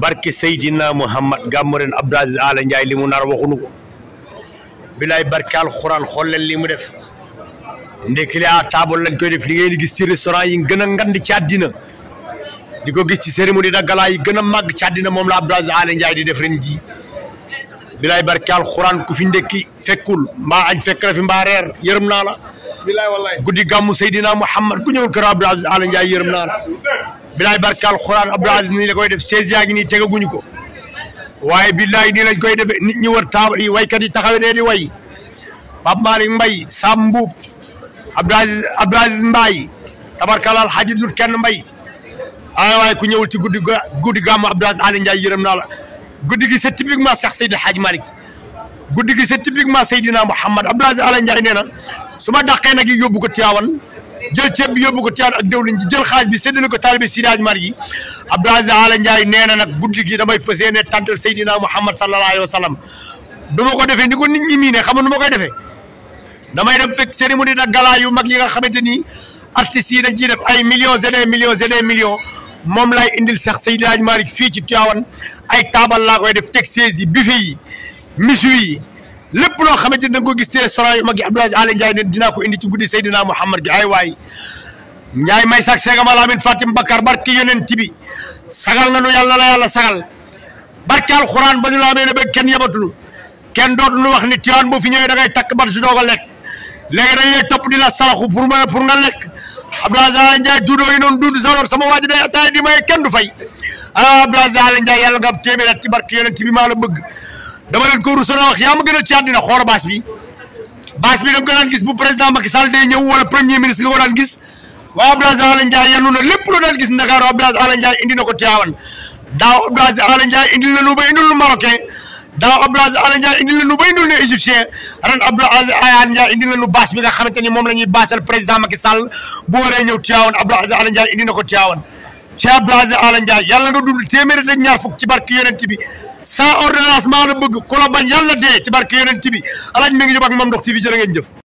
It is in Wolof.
barke Seydina Muhammad gàmmu ren Abdou Aziz Ala Ndiaye li mu nar waxuñu ko bilaay barke alxuraan xool leen li mu def ndekki li à table lañ koy def li ngeen di gis ci restaurant yi gën a ngand ci àddina di ko gis ci cérémonie da gala yi gën a màgg ci moom la Abdou Aziz Ala Ndiaye di def ren ji bilaay barke alxuraan ku fi ndekki fekkul mbaa añ fekk na fi mbaa yërëm naa la guddi gàmmu Seydina Muhammad ku ñëwul kër Abdou Aziz Ala Ndiaye yërëm naa la bilaay barkaal xuraan Abdou nii la koy def seize yaa ngi nii tegaguñu ko waaye bilaay nii lañ koy defee nit ñi war taabal yi waykat yi taxawee nee di way Pape Malick Mbaye Sam Mbuub Abdou Aziz Abdou alxaaji dut kenn mbay ay waaye ku ñëwul ci guddi guddi gàmmu Abdou Aziz Ali naa la guddi gi c'est typiquement Cheikh Seydi Hadj gi c'est typiquement Seydina Mouhamad Abdou Aziz Ali Ndiaye su ma dàqee nag yóbbu ko Tiwaawan jël ceeb bi yóbbu ko Tiwaawan ak dëwlin ji jël xaaj bi séddale ko taalibe Seydi Hadji Mar yi Abdou Aziz Ala na nag guddi gi damay fas yéene tàntal Seydina Mouhamed sallallahu alayhi wa sallam du ma ko defee ni ko nit ñi mii ne xam nu ma koy defee damay dem fekk cérémonie nag gala yu mag yi nga xamante ni artistes yi dañ ciy ay millions et des millions et moom laay indil sax Seydi Hadji Malick fii ci Tiwaawan ay taabal laa koy def teg sees yi buffet yi misu yi lépp loo xamante ni da nga ko gis ci restaurant yu mag yi Abdoulaye Alé Ndiaye ne dinaa ko indi ci guddi Seydina Mouhamad gi ay waay Ndiaye may sax seega ma laamin Fatim Bakar barke yonent bi sagal nga nu yàlla la yàlla sagal barke alxuraan ba ñu la amee ne ba kenn yebatunu kenn dootu nu wax ni Tiwaan boo fi ñëwee da takk bat su doog a lekk léegi dañ topp di la saraxu pour ma pour nga lekk Abdoulaye Alé Ndiaye duudoo yi noonu duud salor sama waa ji day di may kenn du fay ah Abdoulaye Alé Ndiaye yàlla nga téeméer at ci barke yonent bi maa la bëgg dama leen ko rusoon a wax yaa ma gën a ci àddina xool bâche bi bâche bi gis bu président Macky Sall day ñëw wala premier ministre nga ko daan gis waaw Abdoulaye Alioune Ndiaye na lépp loo daan gis Ndakaaru Abdoulaye Alioune Ndiaye indi na ko Tivaouane daaw Abdoulaye Alioune Ndiaye indil na nu ba indil nu marocain daaw Abdoulaye Alioune Ndiaye indil na nu ba indil nu égyptien ren Abdoulaye Alioune na xamante ni moom la ñuy bâchal président Macky Sall bu waree ñëw Tivaouane Abdoulaye Alioune Ndiaye indi na ko Tivaouane Cheikh Abdou Aziz Ala Ndiaye yàlla nga dund téeméeri ñaar fukk ci barke yonent bi sans ordonnance maa la bëgg ku la bañ yàlla dee ci barke yonent bi alaaj mi ngi jub ak Mame Ndokh TV jërë ngeen jëf